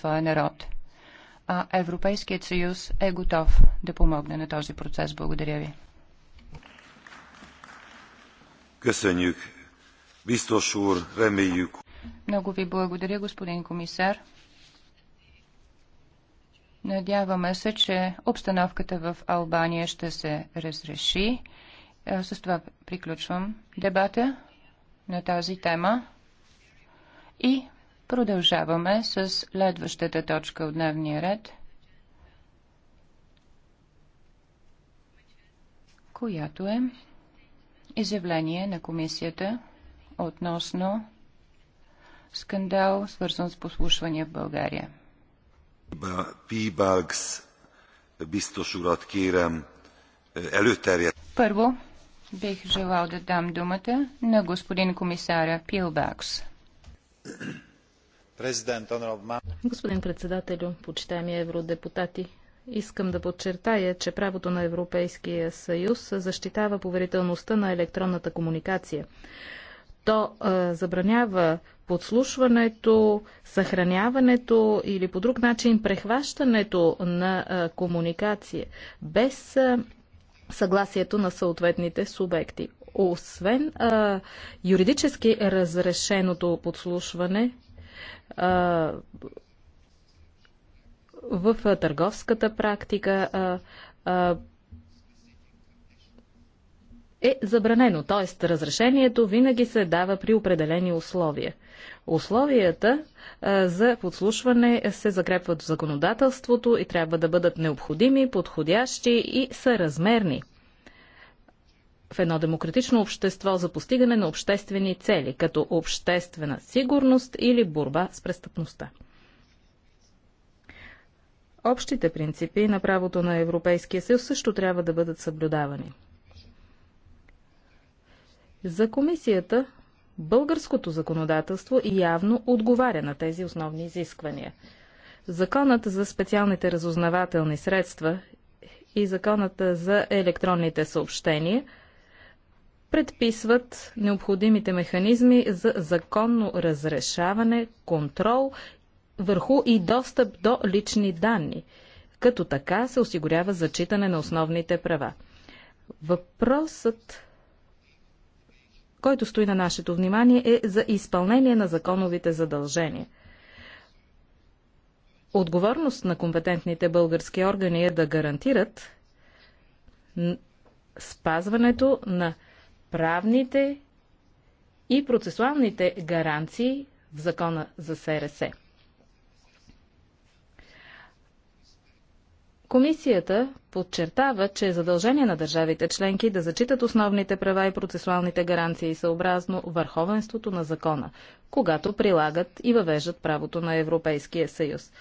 своя народ. А Европейският съюз е готов да помогне на този процес. Благодаря ви. Много ви благодаря, господин комисар. Надяваме се, че обстановката в Албания ще се разреши. Е, с това приключвам дебата на тази тема и Продължаваме с следващата точка от дневния ред, която е изявление на комисията относно скандал, свързан с послушвания в България. Е, Първо, бих желал да дам думата на господин комисаря Пилбакс. Господин председателю, почитаеми евродепутати, Искам да подчертая, че правото на Европейския съюз защитава поверителността на електронната комуникация. То забранява подслушването, съхраняването или по друг начин прехващането на комуникация без съгласието на съответните субекти. Освен юридически разрешеното подслушване, в търговската практика е забранено, т.е. разрешението винаги се дава при определени условия. Условията а, за подслушване се закрепват в законодателството и трябва да бъдат необходими, подходящи и съразмерни в едно демократично общество за постигане на обществени цели, като обществена сигурност или борба с престъпността. Общите принципи на правото на Европейския съюз също трябва да бъдат съблюдавани. За комисията българското законодателство явно отговаря на тези основни изисквания. Законът за специалните разузнавателни средства и Законът за електронните съобщения – предписват необходимите механизми за законно разрешаване, контрол върху и достъп до лични данни. Като така се осигурява зачитане на основните права. Въпросът, който стои на нашето внимание, е за изпълнение на законовите задължения. Отговорност на компетентните български органи е да гарантират спазването на правните и процесуалните гаранции в закона за СРС. Комисията подчертава, че е задължение на държавите членки да зачитат основните права и процесуалните гаранции съобразно върховенството на закона, когато прилагат и въвеждат правото на Европейския съюз.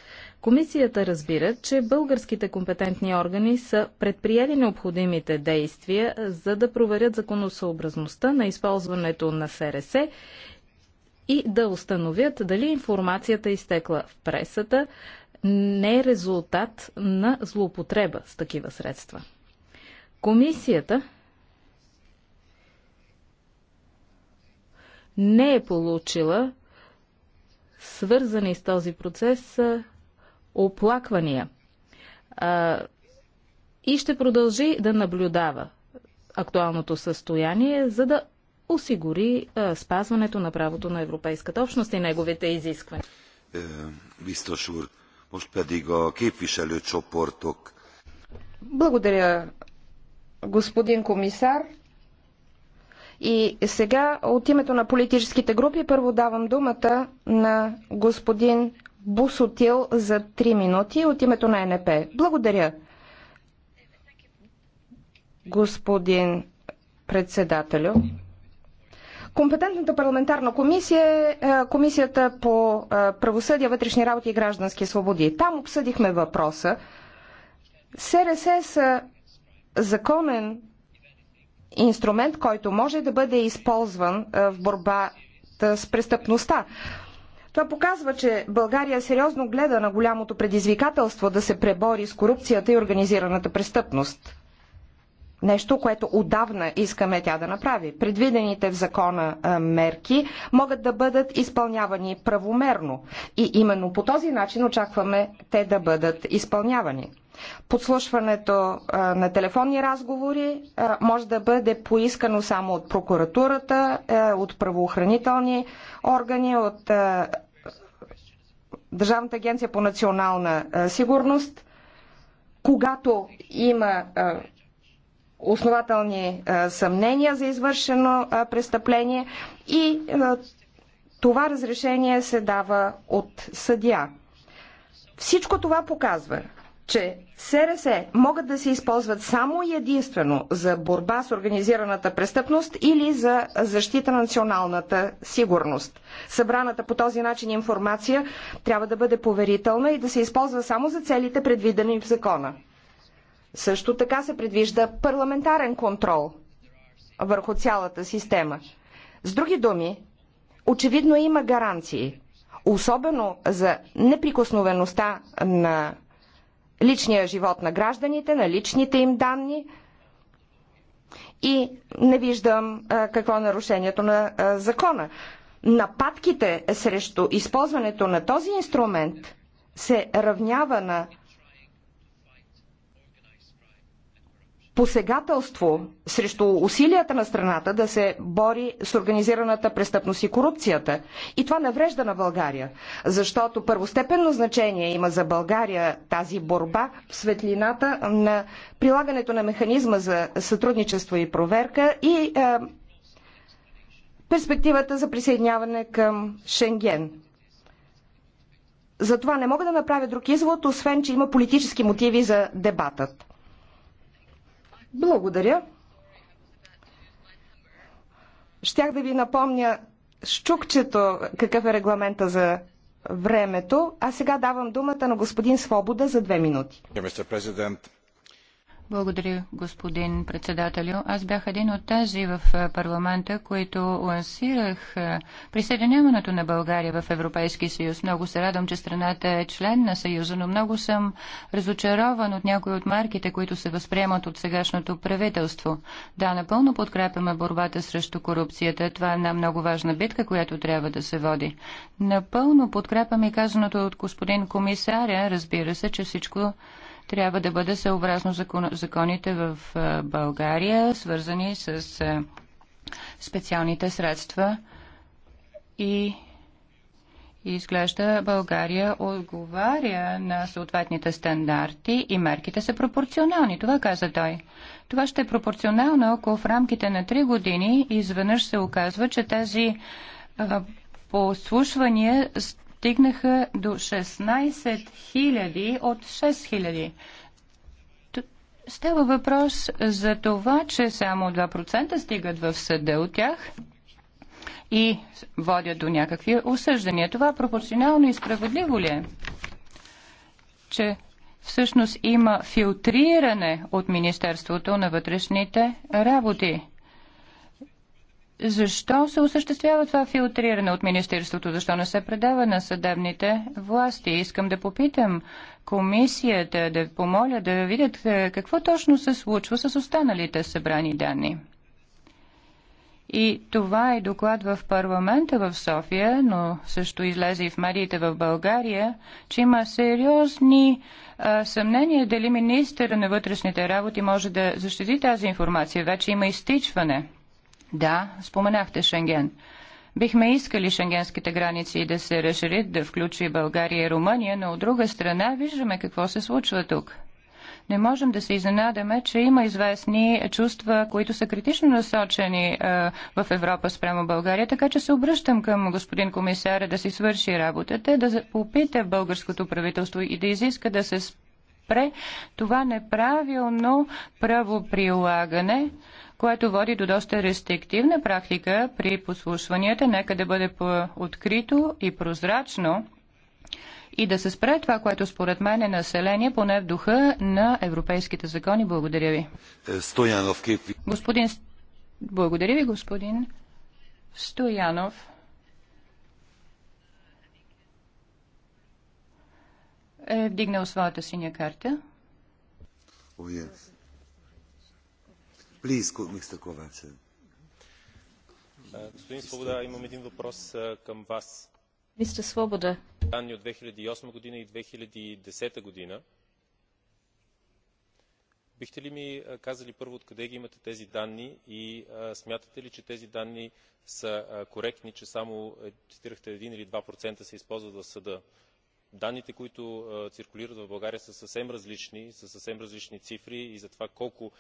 Комисията разбира, че българските компетентни органи са предприели необходимите действия, за да проверят законосъобразността на използването на СРС и да установят дали информацията е изтекла в пресата не е резултат на злоупотреба с такива средства. Комисията не е получила свързани с този процес оплаквания а, и ще продължи да наблюдава актуалното състояние, за да осигури а, спазването на правото на Европейската общност и неговите изисквания. Е, Благодаря, господин комисар. И сега от името на политическите групи първо давам думата на господин Бусотил за 3 минути от името на НП. Благодаря. Господин председателю. Компетентната парламентарна комисия е, е Комисията по е, правосъдие, вътрешни работи и граждански свободи. Там обсъдихме въпроса. СРС са законен инструмент, който може да бъде използван е, в борбата с престъпността. Това показва, че България сериозно гледа на голямото предизвикателство да се пребори с корупцията и организираната престъпност. Нещо, което отдавна искаме тя да направи. Предвидените в закона мерки могат да бъдат изпълнявани правомерно. И именно по този начин очакваме те да бъдат изпълнявани. Подслушването на телефонни разговори може да бъде поискано само от прокуратурата, е, от правоохранителни органи, от Държавната агенция по национална сигурност, когато има основателни съмнения за извършено престъпление и това разрешение се дава от съдия. Всичко това показва, че СРС могат да се използват само и единствено за борба с организираната престъпност или за защита на националната сигурност. Събраната по този начин информация трябва да бъде поверителна и да се използва само за целите предвидени в закона. Също така се предвижда парламентарен контрол върху цялата система. С други думи, очевидно има гаранции, особено за неприкосновеността на личния живот на гражданите, на личните им данни и не виждам какво е нарушението на закона. Нападките срещу използването на този инструмент се равнява на посегателство срещу усилията на страната да се бори с организираната престъпност и корупцията. И това наврежда на България, защото първостепенно значение има за България тази борба в светлината на прилагането на механизма за сътрудничество и проверка и е, перспективата за присъединяване към Шенген. Затова не мога да направя друг извод, освен че има политически мотиви за дебатът. Благодаря. Щях да ви напомня с чукчето какъв е регламента за времето, а сега давам думата на господин Свобода за две минути. Благодаря, господин председателю. Аз бях един от тези в парламента, които лансирах присъединяването на България в Европейски съюз. Много се радвам, че страната е член на съюза, но много съм разочарован от някои от марките, които се възприемат от сегашното правителство. Да, напълно подкрепяме борбата срещу корупцията. Това е една много важна битка, която трябва да се води. Напълно подкрепяме казаното от господин комисаря. Разбира се, че всичко трябва да бъде съобразно закон, законите в България, свързани с специалните средства и изглежда България отговаря на съответните стандарти и мерките са пропорционални. Това каза той. Това ще е пропорционално, ако в рамките на 3 години изведнъж се оказва, че тези послушвания стигнаха до 16 000 от 6 000. Става въпрос за това, че само 2% стигат в съда от тях и водят до някакви осъждания. Това пропорционално и справедливо ли е? Че всъщност има филтриране от Министерството на вътрешните работи. Защо се осъществява това филтриране от Министерството? Защо не се предава на съдебните власти? Искам да попитам комисията, да помоля да видят е, какво точно се случва с останалите събрани данни. И това е доклад в парламента в София, но също излезе и в медиите в България, че има сериозни а, е, съмнения дали министър на вътрешните работи може да защити тази информация. Вече има изтичване. Да, споменахте Шенген. Бихме искали шенгенските граници да се разширят, да включи България и Румъния, но от друга страна виждаме какво се случва тук. Не можем да се изненадаме, че има известни чувства, които са критично насочени е, в Европа спрямо България, така че се обръщам към господин комисаря да си свърши работата, да попита българското правителство и да изиска да се спре това неправилно правоприлагане, което води до доста рестриктивна практика при послушванията. Нека да бъде открито и прозрачно и да се спре това, което според мен е население, поне в духа на европейските закони. Благодаря ви. Стоянов, Господин... Благодаря ви, господин Стоянов. е вдигнал своята синя карта. Oh, yes. Please, е, Господин Свобода, имам един въпрос е, към вас. Мистер Свобода. Данни от 2008 година и 2010 година. Бихте ли ми е, казали първо откъде ги имате тези данни и а, смятате ли, че тези данни са а, коректни, че само цитирахте 1 или 2% се използват в съда? данните които циркулират в България са съвсем различни, са съвсем различни цифри и за това колко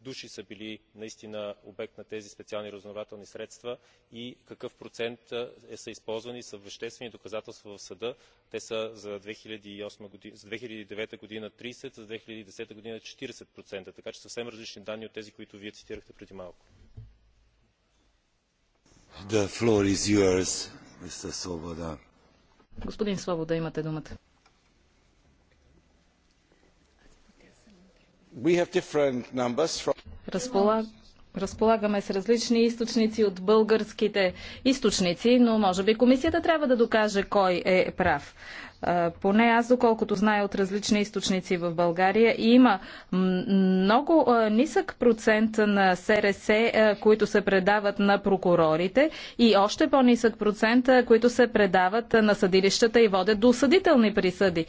души са били наистина обект на тези специални разузнавателни средства и какъв процент е, са използвани, са веществени доказателства в съда. Те са за 2008, за 2009 година 30, за 2010 година 40%, така че съвсем различни данни от тези, които вие цитирахте преди малко. The floor is yours, Mr. Господин Свобода, имате думата. Разполагаме с различни източници от българските източници, но може би комисията трябва да докаже кой е прав поне аз, доколкото зная от различни източници в България, има много нисък процент на СРС, които се предават на прокурорите и още по-нисък процент, които се предават на съдилищата и водят до осъдителни присъди.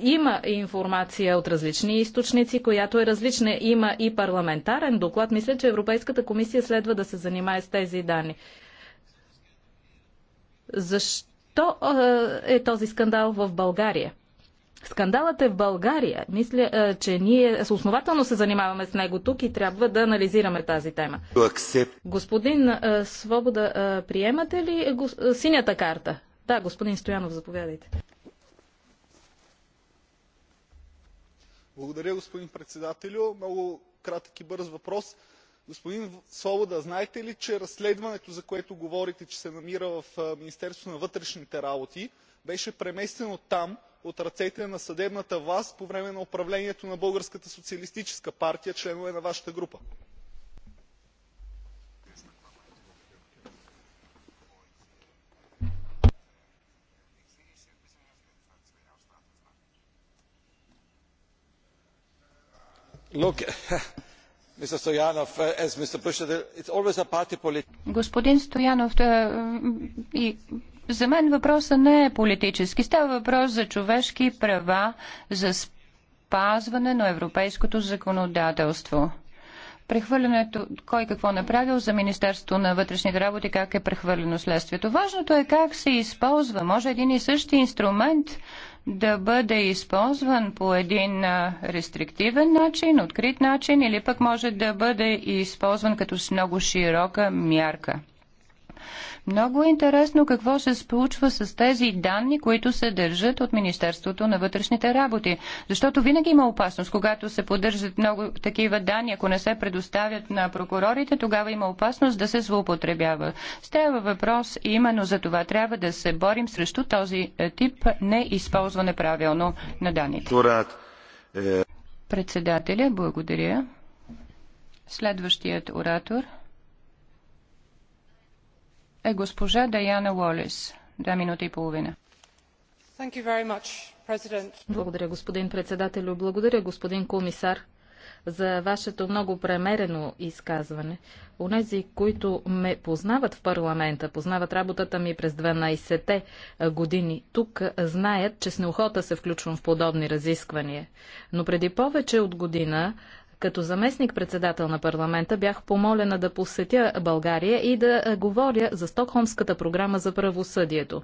Има информация от различни източници, която е различна. Има и парламентарен доклад. Мисля, че Европейската комисия следва да се занимае с тези данни. Защо? то е този скандал в България. Скандалът е в България. Мисля, че ние основателно се занимаваме с него тук и трябва да анализираме тази тема. Господин Свобода, приемате ли синята карта? Да, господин Стоянов, заповядайте. Благодаря, господин председателю. Много кратък и бърз въпрос господин свобода знаете ли че разследването за което говорите че се намира в министерството на вътрешните работи беше преместено там от ръцете на съдебната власт по време на управлението на българската социалистическа партия членове на вашата група? Uh, Господин Стоянов, за мен въпросът не е политически. Става въпрос за човешки права, за спазване на европейското законодателство. Прехвърлянето, кой какво направил за Министерство на вътрешните работи, как е прехвърлено следствието. Важното е как се използва. Може един и същи инструмент да бъде използван по един рестриктивен начин, открит начин или пък може да бъде използван като с много широка мярка. Много е интересно какво се случва с тези данни, които се държат от Министерството на вътрешните работи. Защото винаги има опасност, когато се поддържат много такива данни, ако не се предоставят на прокурорите, тогава има опасност да се злоупотребява. Става въпрос именно за това. Трябва да се борим срещу този е, тип неизползване правилно на данните. Е. Председателя, благодаря. Следващият оратор – е госпожа Даяна Уолис. Две минути и половина. Благодаря, господин председател, Благодаря, господин комисар за вашето много премерено изказване. Онези, които ме познават в парламента, познават работата ми през 12-те години, тук знаят, че с неохота се включвам в подобни разисквания. Но преди повече от година като заместник-председател на парламента бях помолена да посетя България и да е, говоря за Стокхолмската програма за правосъдието.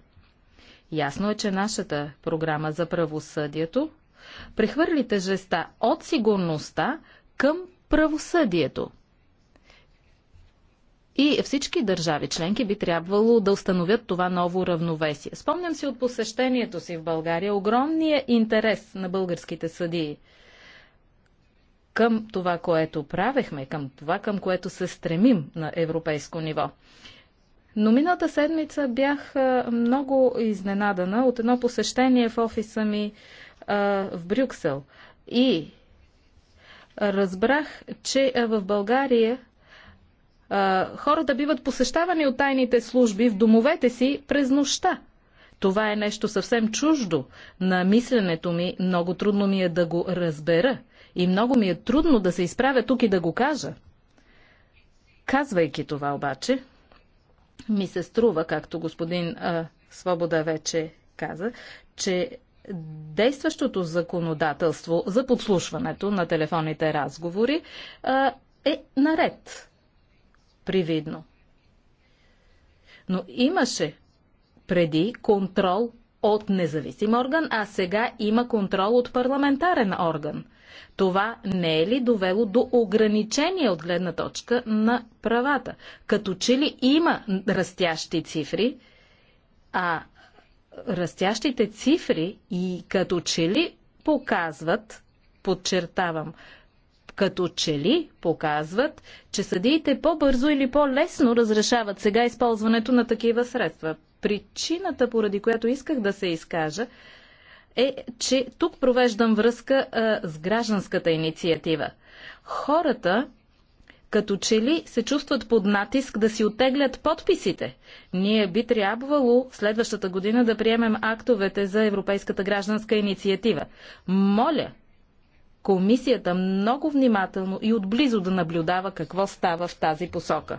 Ясно е, че нашата програма за правосъдието прехвърли тежеста от сигурността към правосъдието. И всички държави членки би трябвало да установят това ново равновесие. Спомням си от посещението си в България огромния интерес на българските съдии – към това, което правехме, към това, към което се стремим на европейско ниво. Но миналата седмица бях много изненадана от едно посещение в офиса ми а, в Брюксел. И разбрах, че в България а, хората биват посещавани от тайните служби в домовете си през нощта. Това е нещо съвсем чуждо на мисленето ми. Много трудно ми е да го разбера. И много ми е трудно да се изправя тук и да го кажа. Казвайки това обаче, ми се струва, както господин а, Свобода вече каза, че действащото законодателство за подслушването на телефонните разговори а, е наред, привидно. Но имаше преди контрол от независим орган, а сега има контрол от парламентарен орган. Това не е ли довело до ограничение от гледна точка на правата? Като че ли има растящи цифри, а растящите цифри и като че ли показват, подчертавам, като че ли показват, че съдиите по-бързо или по-лесно разрешават сега използването на такива средства. Причината, поради която исках да се изкажа, е, че тук провеждам връзка а, с гражданската инициатива. Хората като че ли се чувстват под натиск да си отеглят подписите. Ние би трябвало следващата година да приемем актовете за Европейската гражданска инициатива. Моля комисията много внимателно и отблизо да наблюдава какво става в тази посока.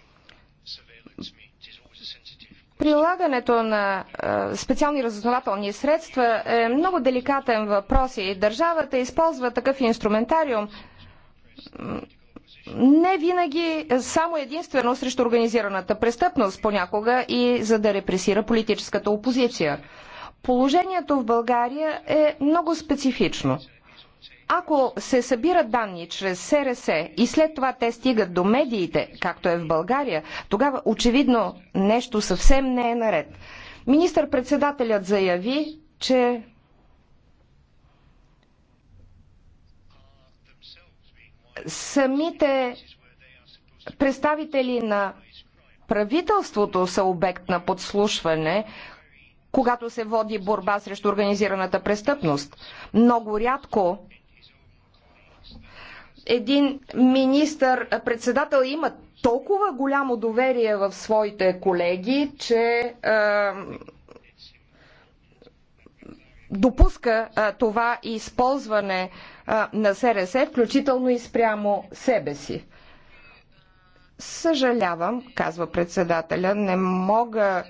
Прилагането на специални разузнавателни средства е много деликатен въпрос и държавата използва такъв инструментариум не винаги само единствено срещу организираната престъпност, понякога и за да репресира политическата опозиция. Положението в България е много специфично ако се събират данни чрез СРС и след това те стигат до медиите, както е в България, тогава очевидно нещо съвсем не е наред. Министър-председателят заяви, че самите представители на правителството са обект на подслушване, когато се води борба срещу организираната престъпност. Много рядко един министър-председател има толкова голямо доверие в своите колеги, че е, допуска е, това използване е, на СРС, включително и спрямо себе си. Съжалявам, казва председателя, не мога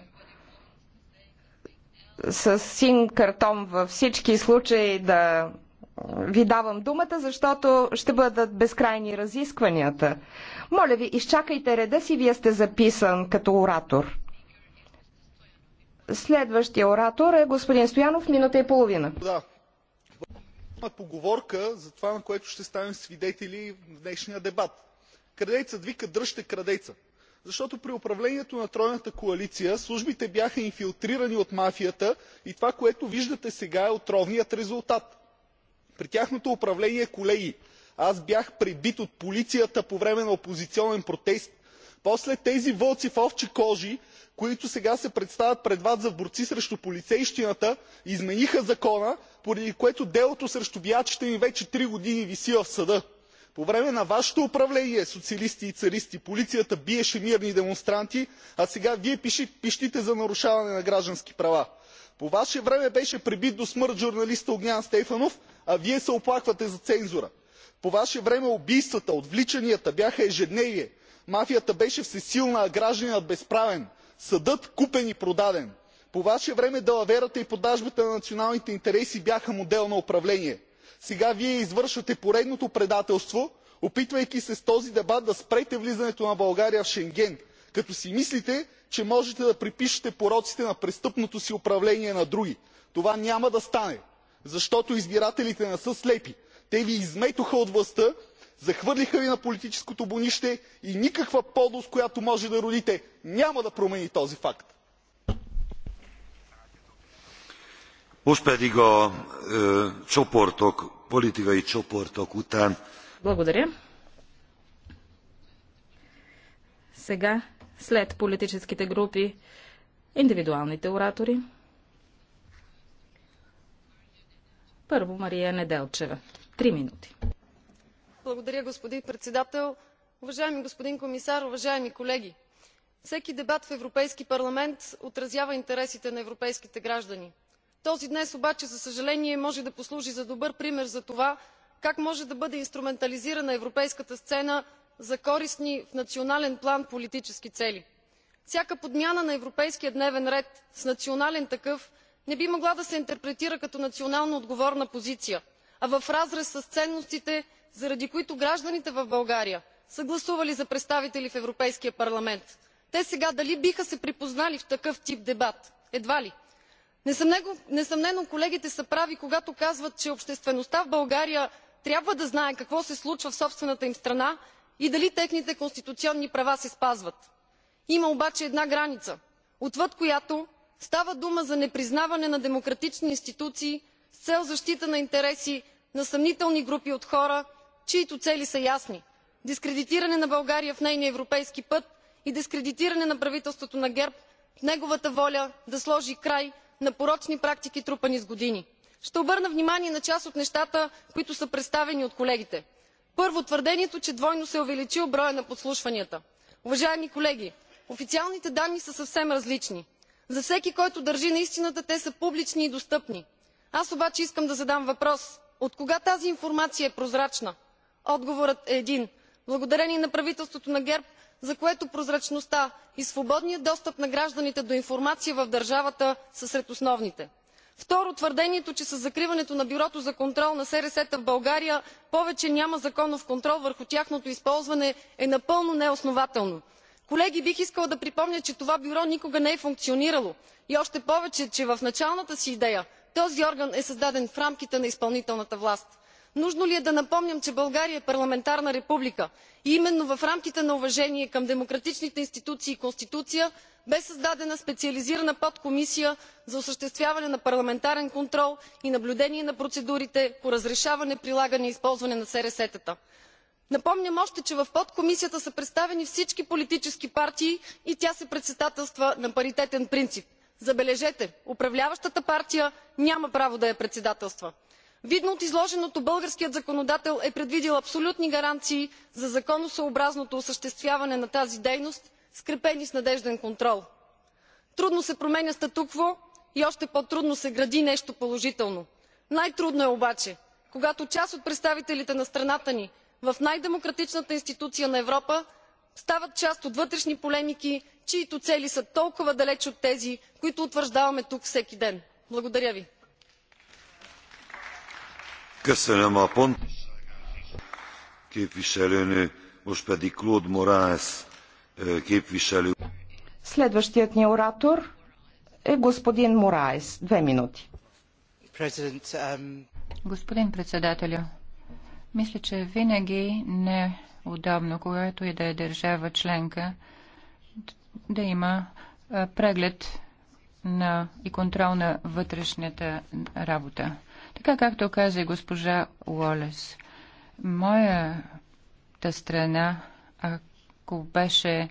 с син картон във всички случаи да ви давам думата, защото ще бъдат безкрайни разискванията. Моля ви, изчакайте реда си, вие сте записан като оратор. Следващия оратор е господин Стоянов, минута и половина. Да. Има поговорка за това, на което ще станем свидетели в днешния дебат. Крадецът вика дръжте крадеца. Защото при управлението на тройната коалиция службите бяха инфилтрирани от мафията и това, което виждате сега е отровният резултат при тяхното управление колеги аз бях пребит от полицията по време на опозиционен протест после тези вълци в овчи кожи които сега се представят пред вас за борци срещу полицейщината измениха закона поради което делото срещу биячите ми вече три години виси в съда. по време на вашето управление социалисти и царисти полицията биеше мирни демонстранти а сега вие пищите за нарушаване на граждански права. по ваше време беше пребит до смърт журналистът огнян стефанов а вие се оплаквате за цензура. по ваше време убийствата отвличанията бяха ежедневие мафията беше всесилна а гражданинът безправен съдът купен и продаден. по ваше време далаверата и продажбата на националните интереси бяха модел на управление. сега вие извършвате поредното предателство опитвайки се с този дебат да спрете влизането на българия в шенген като си мислите че можете да припишете пороците на престъпното си управление на други. това няма да стане! защото избирателите не са слепи. те ви изметоха от властта захвърлиха ви на политическото бонище и никаква подлост която може да родите няма да промени този факт. Благодаря. Сега, след политическите групи, индивидуалните оратори. Първо Мария Неделчева. Три минути. Благодаря, господин председател. Уважаеми господин комисар, уважаеми колеги! Всеки дебат в Европейски парламент отразява интересите на европейските граждани. Този днес обаче, за съжаление, може да послужи за добър пример за това как може да бъде инструментализирана европейската сцена за корисни в национален план политически цели. Всяка подмяна на европейския дневен ред с национален такъв не би могла да се интерпретира като национално отговорна позиция а в разрез с ценностите заради които гражданите в българя са гласували за представители в европейския парламент. те сега дали биха се припознали в такъв тип дебат? едва ли. несъмнено колегите са прави когато казват че обществеността в българя трябва да знае какво се случва в собствената им страна и дали техните конституционни права се спазват. има обаче една граница отвъд която става дума за непризнаване на демократични институции с цел защита на интереси на съмнителни групи от хора чиито цели са ясни дискредитиране на българя в нейния европейски път и дискредитиране на правителството на герб в неговата воля да сложи край на порочни практики трупани с години. ще обърна внимание на част от нещата които са представени от колегите. първо твърдението че двойно се е увеличил броят на подслушванията. уважаеми колеги официалните данни са съвсем различни за всеки който държи на истината те са публични и достъпни. аз обаче искам да задам въпрос От кога тази информация е прозрачна? отговорът е един благодарение на правителството на герб за което прозрачността и свободният достъп на гражданите до информация в държавата са сред основните. второ твърдението че със закриването на бюрото за контрол на срс та в българия повече няма законов контрол върху тяхното използване е напълно неоснователно колеги бих искала да припомня че това бюро никога не е функционирало и още повече че в началната си идея този орган е създаден в рамките на изпълнителната власт. нужно ли е да напомням че българя е парламентарна република и именно в рамките на уважение към демократичните институции и конституция бе създадена специализирана подкомисия за осъществяване на парламентарен контрол и наблюдение на процедурите по разрешаване прилагане и използване на срс тата напомням още че в подкомисията са представени всички политически партии и тя се председателства на паритетен принцип. забележете управляващата партия няма право да я председателства. видно от изложеното българският законодател е предвидил абсолютни гаранции за законосъобразното осъществяване на тази дейност скрепени с надежден контрол. трудно се променя статукво и още по трудно се гради нещо положително. най трудно е обаче когато част от представителите на страната ни в най демократичната институция на европа стават част от вътрешни полемики чиито цели са толкова далеч от тези които утвърждаваме тук всеки ден. благодаря ви. Е, Следващият ни оратор е господин Мораес. Две минути. Um, господин председателю, мисля, че винаги не е удобно, когато и да е държава членка, да има преглед на и контрол на вътрешната работа. Така както каза и госпожа Уолес, моята страна, ако беше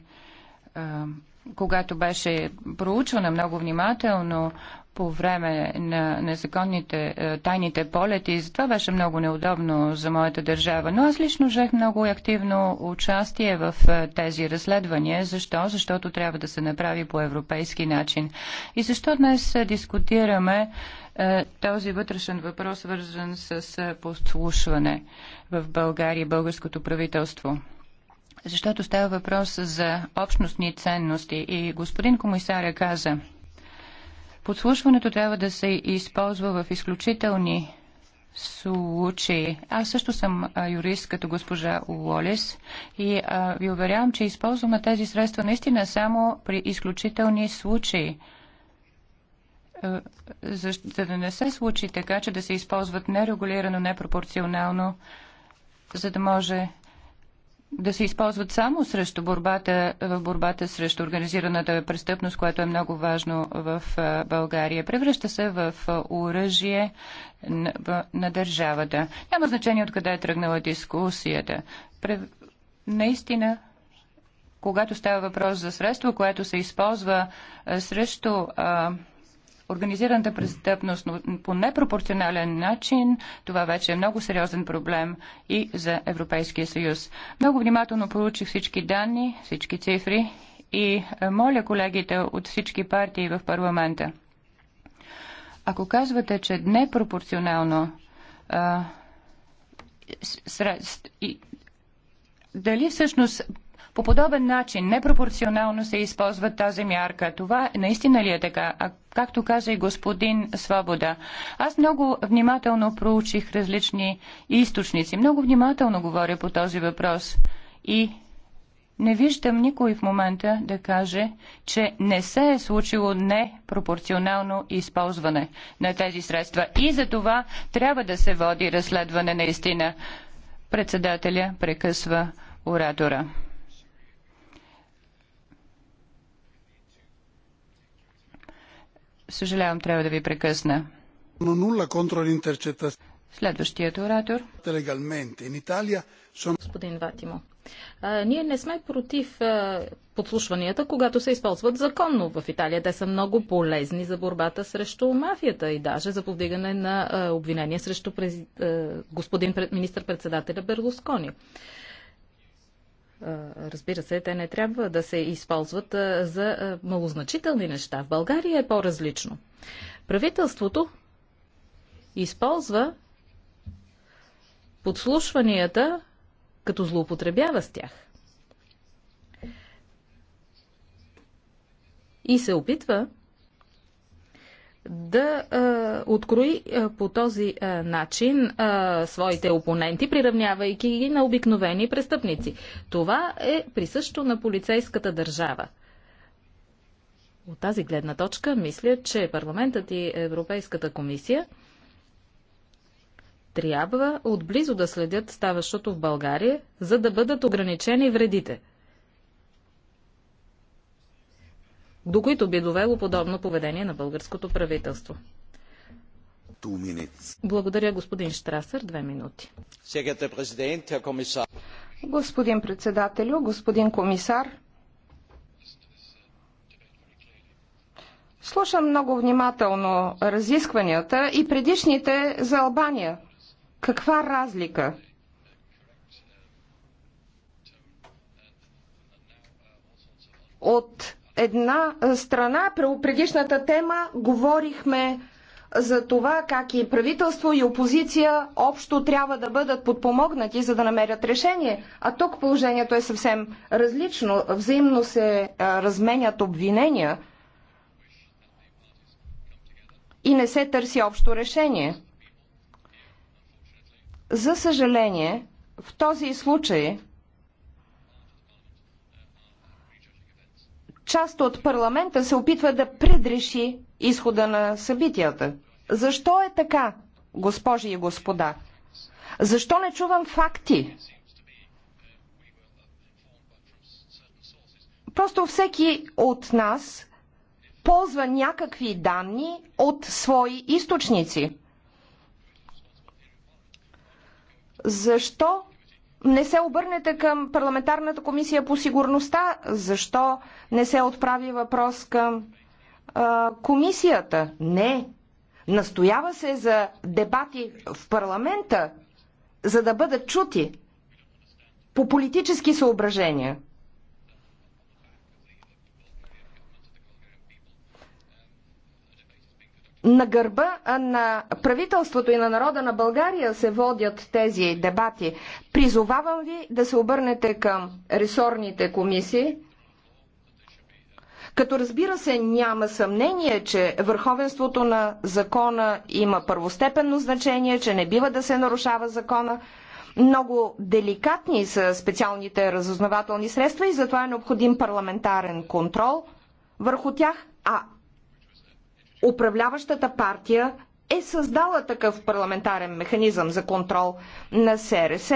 когато беше проучвана много внимателно по време на незаконните е, тайните полети. Затова беше много неудобно за моята държава. Но аз лично жех много активно участие в е, тези разследвания. Защо? Защото трябва да се направи по европейски начин. И защо днес е, дискутираме този вътрешен въпрос, свързан с подслушване в България и българското правителство? Защото става въпрос за общностни ценности. И господин комисаря каза, Подслушването трябва да се използва в изключителни случаи. Аз също съм юрист като госпожа Уолес и а, ви уверявам, че използваме тези средства наистина само при изключителни случаи. За, за да не се случи така, че да се използват нерегулирано, непропорционално, за да може да се използват само срещу борбата, в борбата срещу организираната престъпност, което е много важно в България. Превръща се в оръжие на, на държавата. Няма значение откъде е тръгнала дискусията. Наистина, когато става въпрос за средство, което се използва срещу организираната престъпност, но по непропорционален начин, това вече е много сериозен проблем и за Европейския съюз. Много внимателно получих всички данни, всички цифри и е, моля колегите от всички партии в парламента. Ако казвате, че непропорционално а, е, сред, и, дали всъщност по подобен начин непропорционално се използва тази мярка. Това наистина ли е така? А както каза и господин Свобода, аз много внимателно проучих различни източници. Много внимателно говоря по този въпрос. И не виждам никой в момента да каже, че не се е случило непропорционално използване на тези средства. И за това трябва да се води разследване наистина. Председателя прекъсва оратора. Съжалявам, трябва да ви прекъсна. Но нула контра Следващият оратор. Господин Ватимо, а, ние не сме против а, подслушванията, когато се използват законно в Италия. Те са много полезни за борбата срещу мафията и даже за повдигане на а, обвинения срещу през, господин министър-председателя Берлускони. Разбира се, те не трябва да се използват за малозначителни неща. В България е по-различно. Правителството използва подслушванията, като злоупотребява с тях. И се опитва да а, открои а, по този а, начин а, своите опоненти, приравнявайки ги на обикновени престъпници. Това е присъщо на полицейската държава. От тази гледна точка мисля, че парламентът и Европейската комисия трябва отблизо да следят ставащото в България, за да бъдат ограничени вредите – до които би довело подобно поведение на българското правителство. Благодаря, господин Штрасър. Две минути. Господин председателю, господин комисар, слушам много внимателно разискванията и предишните за Албания. Каква разлика? От една страна. При предишната тема говорихме за това как и правителство и опозиция общо трябва да бъдат подпомогнати, за да намерят решение. А тук положението е съвсем различно. Взаимно се разменят обвинения и не се търси общо решение. За съжаление, в този случай част от парламента се опитва да предреши изхода на събитията. Защо е така, госпожи и господа? Защо не чувам факти? Просто всеки от нас ползва някакви данни от свои източници. Защо не се обърнете към парламентарната комисия по сигурността? Защо не се отправи въпрос към а, комисията? Не. Настоява се за дебати в парламента, за да бъдат чути по политически съображения. на гърба на правителството и на народа на България се водят тези дебати. Призовавам ви да се обърнете към ресорните комисии, като разбира се няма съмнение, че върховенството на закона има първостепенно значение, че не бива да се нарушава закона, много деликатни са специалните разузнавателни средства и затова е необходим парламентарен контрол върху тях, а управляващата партия е създала такъв парламентарен механизъм за контрол на СРС.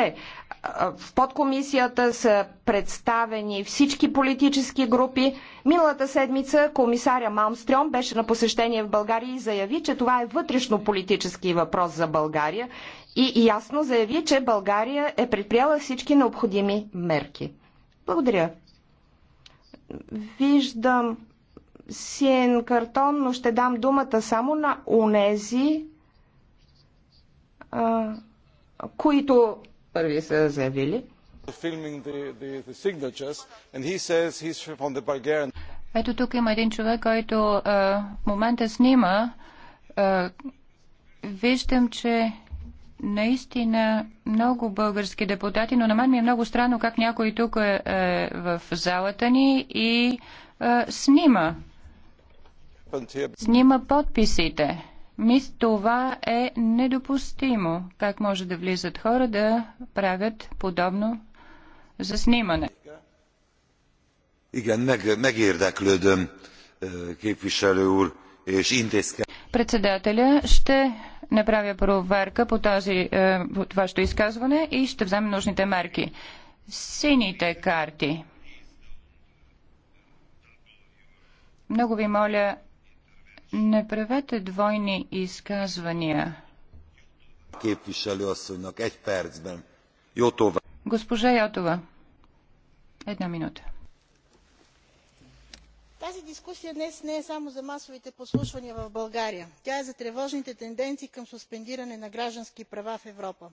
В подкомисията са представени всички политически групи. Миналата седмица комисаря Малмстрём беше на посещение в България и заяви, че това е вътрешно политически въпрос за България и ясно заяви, че България е предприела всички необходими мерки. Благодаря. Виждам сиен картон, но ще дам думата само на унези, а, които първи са заявили. Ето тук има един човек, който а, в момента снима. А, виждам, че наистина много български депутати, но на мен ми е много странно как някой тук е, е в залата ни и е, снима Снима подписите. Мис, това е недопустимо. Как може да влизат хора да правят подобно заснимане? снимане. Э, Председателя ще направя проверка по тази, э, по вашето изказване и ще взема нужните мерки. Сините карти. Много ви моля, не правете двойни изказвания. Госпожа Йотова, една минута. Тази дискусия днес не е само за масовите послушвания в България. Тя е за тревожните тенденции към суспендиране на граждански права в Европа.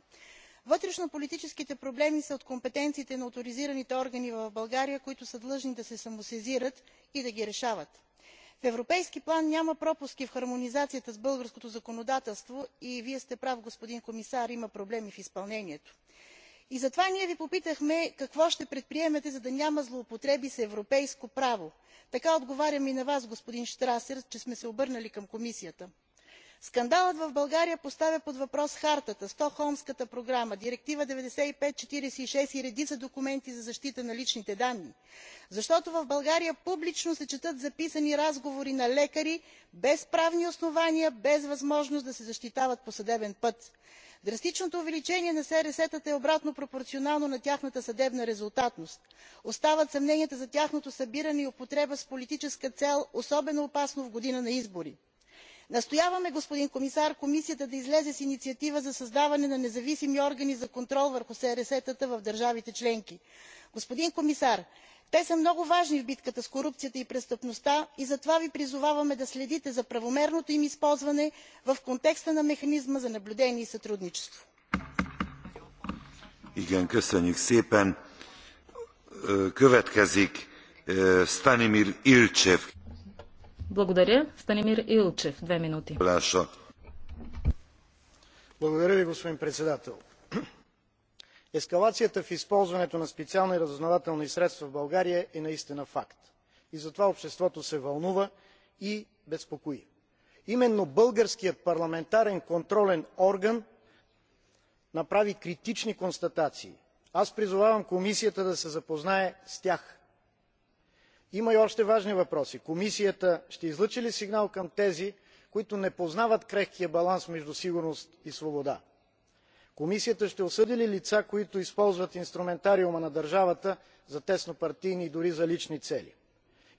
Вътрешно политическите проблеми са от компетенциите на авторизираните органи в България, които са длъжни да се самосезират и да ги решават в европейски план няма пропуски в хармонизацията с българското законодателство и вие сте прав господин комисар има проблеми в изпълнението. затова ние ви попитахме какво ще предприемете за да няма злоупотреби с европейско право. така отговарям и на вас господин щрасер че сме се обърнали към комисията скандалът в българя поставя под въпрос хартата стокхолмската програма директива деветдесет и пет четиридесет и шест и редица документи за защита на личните данни защото в българя публично се четат записани разговори на лекари без правни основания без възможност да се защитават по съдебен път. драстичното увеличение на срс тата е обратно пропорционално на тяхната съдебна резултатност. остават съмненията за тяхното събиране и употреба с политическа цел особено опасно в година на избори настояваме господин комисар комисията да излезе с инициатива за създаване на независими органи за контрол върху срс тата в държавите членки. господин комисар те са много важни в битката с корупцията и престъпността и затова ви призоваваме да следите за правомерното им използване в контекста на механизма за наблюдение и сътрудничество. Благодаря. Станимир Илчев, две минути. Благодаря ви, господин председател. Ескалацията в използването на специални разузнавателни средства в България е наистина факт. И затова обществото се вълнува и безпокои. Именно българският парламентарен контролен орган направи критични констатации. Аз призовавам комисията да се запознае с тях има и още важни въпроси комисията ще излъчи ли сигнал към тези които не познават крехкия баланс между сигурност и свобода? комисията ще осъди ли лица които използват инструментариума на държавата за теснопартийни и дори за лични цели?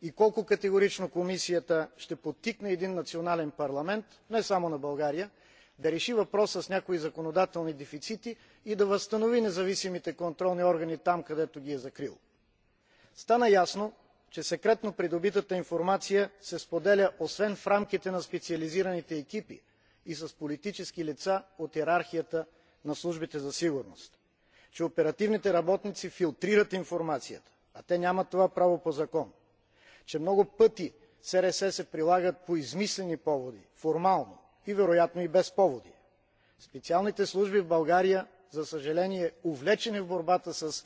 и колко категорично комисията ще подтикне един национален парламент не само на българя да реши въпроса с някои законодателни дефицити и да възстанови независимите контролни органи там където ги е закрил? стана ясно че секретно придобитата информация се споделя освен в рамките на специализираните екипи и с политически лица от йерархията на службите за сигурност; че оперативните работници филтрират информацията а те нямат това право по закон; че много пъти срс се прилагат по измислени поводи формално и вероятно и без поводи. специалните служби в българя за съжаление увлечени в борбата с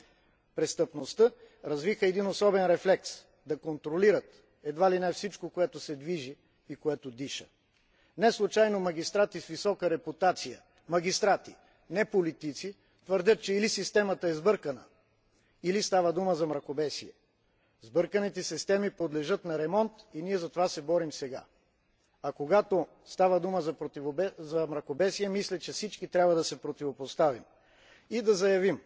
престъпността развиха един особен рефлекс да контролират едва ли не всичко което се движи и което диша. неслучайно магистрати с висока репутация магистрати не политици твърдят че или системата е сбъркана или става дума за мракобесие. сбърканите системи подлежат на ремонт и ние за това се борим сега. а когато става дума за мракобесие мисля че всички трябва да се противопоставим и да заявим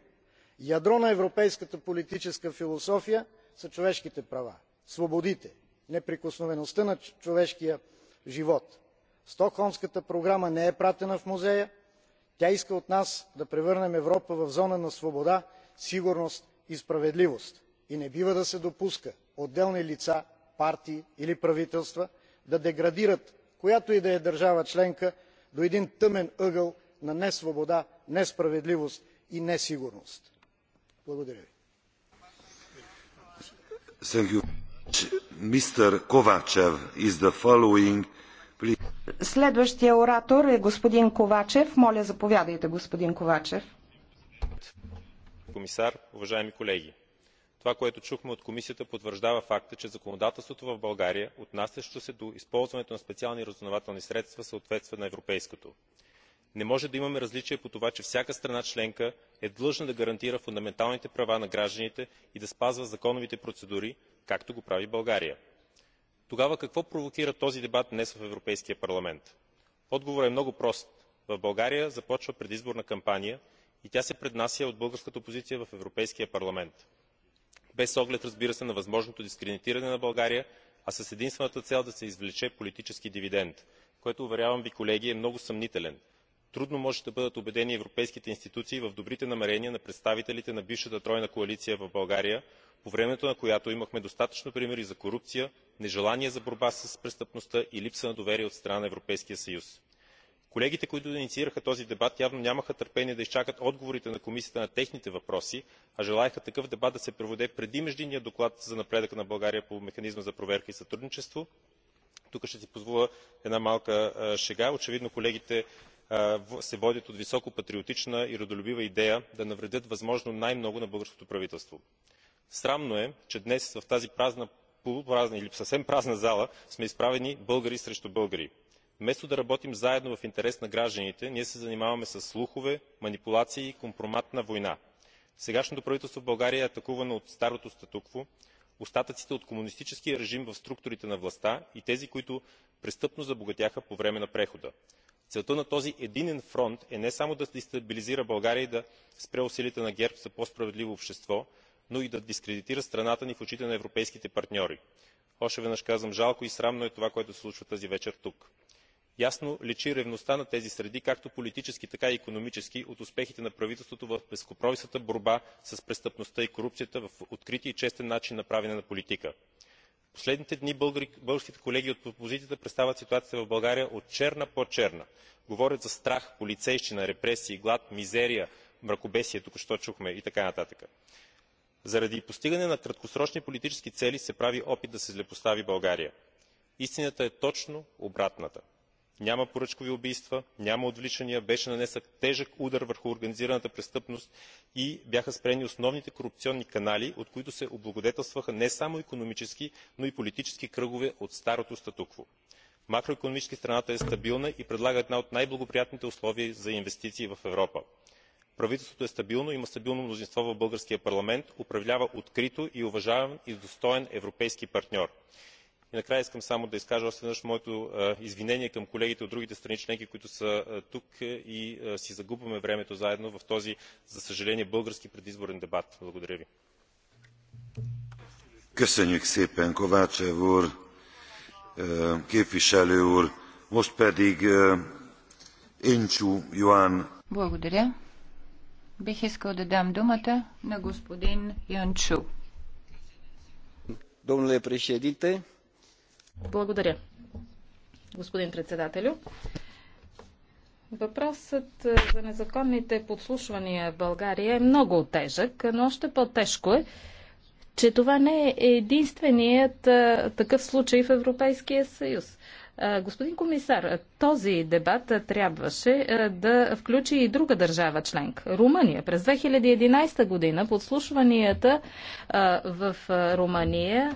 ядро на европейската политическа философия са човешките права свободите неприкосновеността на човешкия живот. стокхолмската програма не е пратена в музея тя иска от нас да превърнем европа в зона на свобода сигурност и справедливост и не бива да се допуска отделни лица партии или правителства да деградират която и да е държава членка до един тъмен ъгъл на несвобода несправедливост и несигурност. благодаря ви. Следващия оратор е господин Ковачев. Моля, заповядайте, господин Ковачев. Комисар, уважаеми колеги! Това, което чухме от комисията, потвърждава факта, че законодателството в България, отнасящо се до използването на специални разузнавателни средства, съответства на европейското не може да имаме различия по това че всяка страна членка е длъжна да гарантира фундаменталните права на гражданите и да спазва законовите процедури както го прави българия. тогава какво провокира този дебат днес в европейския парламент? отговорът е много прост в българя започва предизборна кампания и тя се преднася от българската опозиция в европейския парламент без оглед разбира се на възможното дискредитиране на българя а с единствената цел да се извлече политически дивидент който уверявам ви колеги е много съмнителен трудно може да бъдат убедени европейските институции в добрите намерения на представителите на бившата тройна коалиция в българия по времето на която имахме достатъчно примери за корупция нежелание за борба с престъпността и липса на доверие от страна на европейския съюз. колегите които инициираха този дебат явно нямаха търпение да изчакат отговорите на комисията на техните въпроси а желаеха такъв дебат да се проведе преди междинния доклад за напредъка на българя по механизма за проверка и сътрудничество. тук ще си позволя една малка шега очевидно колегите се водят от високо патриотична и родолюбива идея да навредят възможно най много на българското правителство. срамно е че днес в тази полупразна или съвсем празна зала сме изправени българи срещу българи. вместо да работим заедно в интерес на гражданите ние се занимаваме със слухове манипулации и компроматна война. сегашното правителство в българя е атакувано от старото статукво остатъците от комунистическия режим в структурите на властта и тези които престъпно забогатяха по време на прехода целта на този единен фронт е не само да дестабилизира българя и да спре усилията на герб за по справедливо общество но и да дискредитира страната ни в очите на европейските партньори. още веднъж казвам жалко и срамно е това което се случва тази вечер тук. ясно личи ревността на тези среди както политически така и икономически от успехите на правителството в безкомпромисната борба с престъпността и корупцията в открития и честен начин на правене на политика. В последните дни българските колеги от опозицията представят ситуацията в българия от черна по черна. говорят за страх полицейщина репресии глад мизерия мракобесие току що чухме и така нататък. заради постигане на краткосрочни политически цели се прави опит да се злепостави българия. истината е точно обратната няма поръчкови убийства няма отвличания беше нанесен тежък удар върху организираната престъпност и бяха спрени основните корупционни канали от които се облагодетелстваха не само икономически но и политически кръгове от старото статукво. макроикономически страната е стабилна и предлага една от най благоприятните условия за инвестиции в европа. правителството е стабилно има стабилно мнозинство в българския парламент управлява открито и уважаван и достоен европейски партньор и накрая искам само да изкажа още веднъж моето извинение към колегите от другите страни членки които са тук и си загубваме времето заедно в този за съжаление български предизборен дебат. благодаря ви. köszönjük szépen kovácsev úr képviselő úr most pedig благодаря бих искал да дам думата на господин янчу domnule președinte благодаря, господин председателю. Въпросът е, за незаконните подслушвания в България е много тежък, но още по-тежко е, че това не е единственият а, е, такъв случай в Европейския съюз. А, е, господин комисар, този дебат а, трябваше да включи и друга държава членка. Румъния. През 2011 година подслушванията в Румъния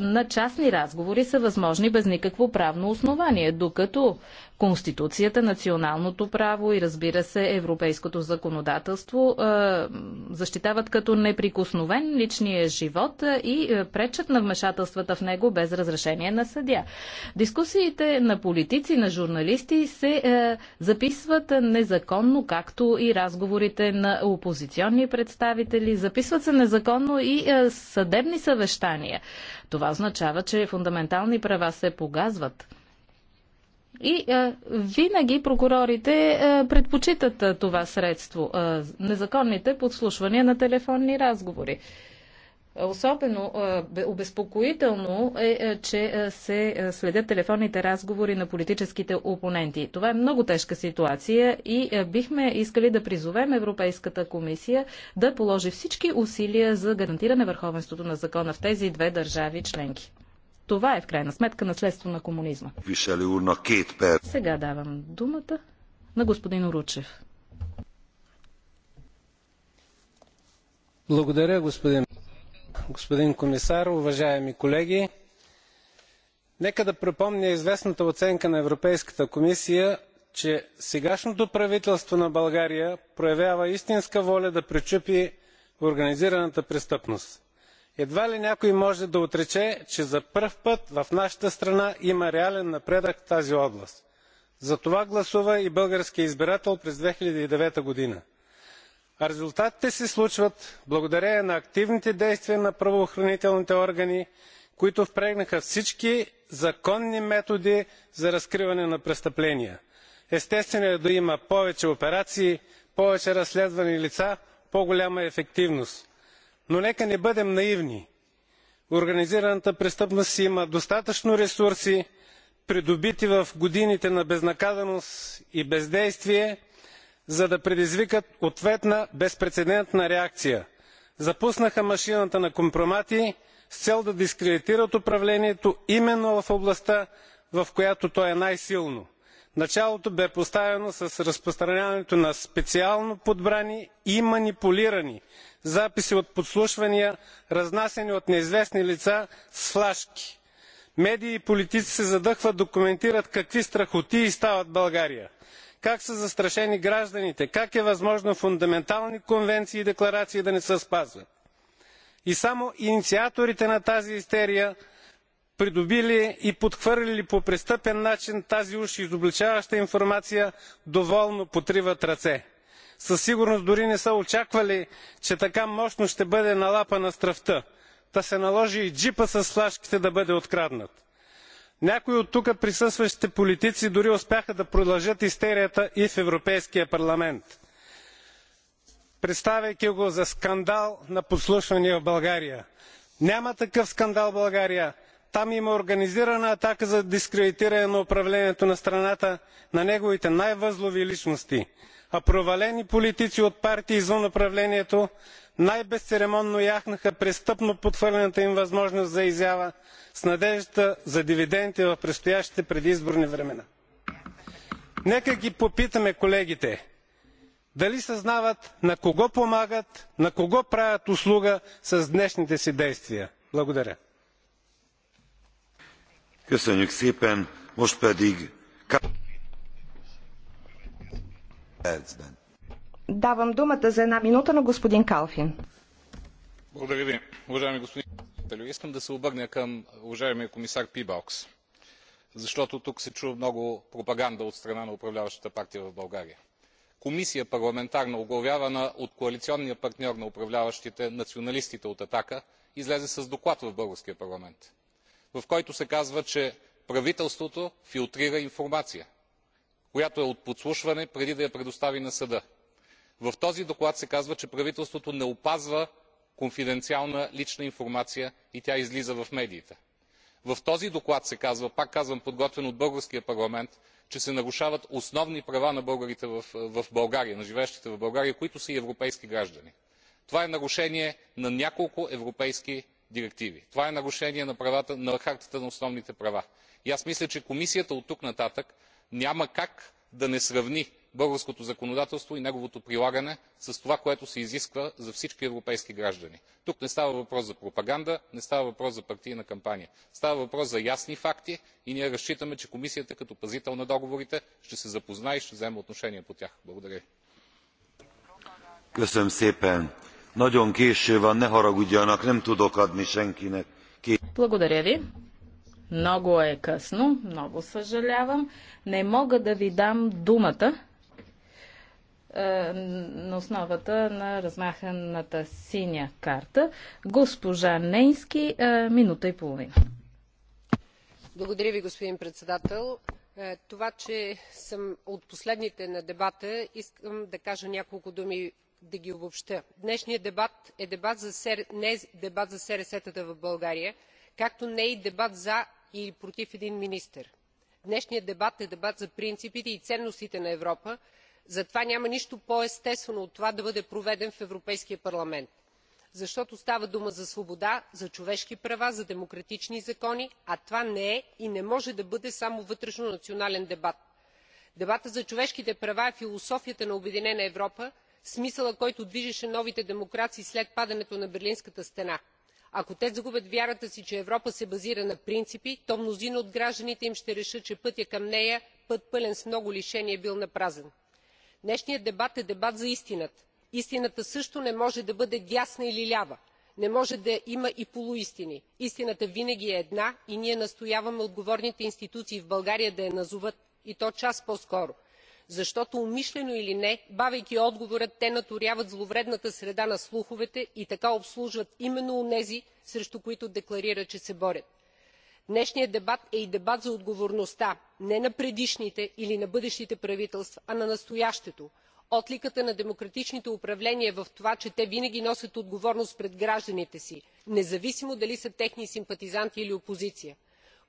на частни разговори са възможни без никакво правно основание, докато Конституцията, националното право и разбира се европейското законодателство защитават като неприкосновен личния живот и пречат на вмешателствата в него без разрешение на съдя. Дискусиите на политици, на журналисти се записват незаконно, както и разговорите на опозиционни представители. Записват се незаконно и съдебни съвещания. Това означава, че фундаментални права се погазват. И е, винаги прокурорите е, предпочитат е, това средство е, незаконните подслушвания на телефонни разговори. Особено е, обезпокоително е, е, че е, се е, следят телефонните разговори на политическите опоненти. Това е много тежка ситуация и е, бихме искали да призовем Европейската комисия да положи всички усилия за гарантиране върховенството на закона в тези две държави членки. Това е в крайна сметка наследство на комунизма. Сега давам думата на господин Ручев. Благодаря, господин, господин комисар, уважаеми колеги. Нека да припомня известната оценка на Европейската комисия, че сегашното правителство на България проявява истинска воля да пречупи организираната престъпност едва ли някой може да отрече че за пръв път в нашата страна има реален напредък в тази област. Затова гласува и българският избирател през 2009 г. А резултатите се случват благодарение на активните действия на правоохранителните органи, които впрегнаха всички законни методи за разкриване на престъпления. Естествено е да има повече операции, повече разследвани лица, по-голяма ефективност но нека не бъдем наивни. Организираната престъпност има достатъчно ресурси, придобити в годините на безнаказаност и бездействие, за да предизвикат ответна безпрецедентна реакция. Запуснаха машината на компромати с цел да дискредитират управлението именно в областта, в която то е най-силно началото бе поставено с разпространяването на специално подбрани и манипулирани записи от подслушвания разнасяни от неизвестни лица с флашки. медии и политици се задъхват да коментират какви страхотии стават в българя как са застрашени гражданите как е възможно фундаментални конвенции и декларации да не се спазват. и само инициаторите на тази истерия придобили и подхвърлили по престъпен начин тази уж изобличаваща информация, доволно потриват ръце. Със сигурност дори не са очаквали, че така мощно ще бъде налапана стръвта. Та се наложи и джипа с флашките да бъде откраднат. Някои от тук присъстващите политици дори успяха да продължат истерията и в Европейския парламент, представяйки го за скандал на подслушвания в България. Няма такъв скандал в България там има организирана атака за дискредитиране на управлението на страната на неговите най възлови личности а провалени политици от партии извън управлението най безцеремонно яхнаха престъпно подхвърлената им възможност за изява с надеждата за дивиденти в предстоящите предизборни времена. нека ги попитаме колегите дали съзнават на кого помагат на кого правят услуга с днешните си действия? благодаря. Köszönjük szépen, most pedig... Давам думата за една минута на господин Калфин. Благодаря ви, уважаеми господин председател. Искам да се обърна към уважаемия комисар Пибалкс, защото тук се чу много пропаганда от страна на управляващата партия в България комисия парламентарна оглавявана от коалиционния партньор на управляващите националистите от атака излезе с доклад в българския парламент в който се казва че правителството филтрира информация която е от подслушване преди да я предостави на съда. в този доклад се казва че правителството не опазва конфиденциална лична информация и тя излиза в медиите. в този доклад се казва пак казвам подготвен от българския парламент че се нарушават основни права на българите в на живеещите в българя които са и европейски граждани. това е нарушение на няколко европейски директиви. това е нарушение на хартата на основните права и аз мисля че комисията оттук нататък няма как да не сравни българското законодателство и неговото прилагане с това което се изисква за всички европейски граждани. тук не става въпрос за пропаганда не става въпрос за партийна кампания става въпрос за ясни факти и ние разчитаме че комисията като пазител на договорите ще се запознае и ще вземе отношение по тях. благодаря благодаря ви. Много е късно, много съжалявам. Не мога да ви дам думата е, на основата на размаханата синя карта. Госпожа Нейски, е, минута и половина. Благодаря ви, господин председател. Е, това, че съм от последните на дебата, искам да кажа няколко думи да ги обобщя. днешният дебат е не е дебат за срс тата в българия както не е и дебат за или против един министър. днешният дебат е дебат за принципите и ценностите на европа затова няма нищо по естествено от това да бъде проведен в европейския парламент защото става дума за свобода за човешки права за демократични закони а това не е и не може да бъде само вътрешнонационален дебат. дебатът за човешките права е философията на обединена европа смисъла който движеше новите демокрации след падането на берлинската стена. ако те загубят вярата си че европа се базира на принципи то мнозина от гражданите им ще решат че пътят към нея път пълен с много лишения е бил напразен. днешният дебат е дебат за истината. истината също не може да бъде дясна или лява не може да има и полуистини. истината винаги е една и ние настояваме отговорните институции в българия да я назоват и то час по скоро защото умишлено или не бавейки отговора те наторяват зловредната среда на слуховете и така обслужват именно онези срещу които декларират че се борят. днешният дебат е и дебат за отговорността не на предишните или на бъдещите правителства а на настоящето. отликата на демократичните управления е в това че те винаги носят отговорност пред гражданите си независимо дали са техни симпатизанти или опозиция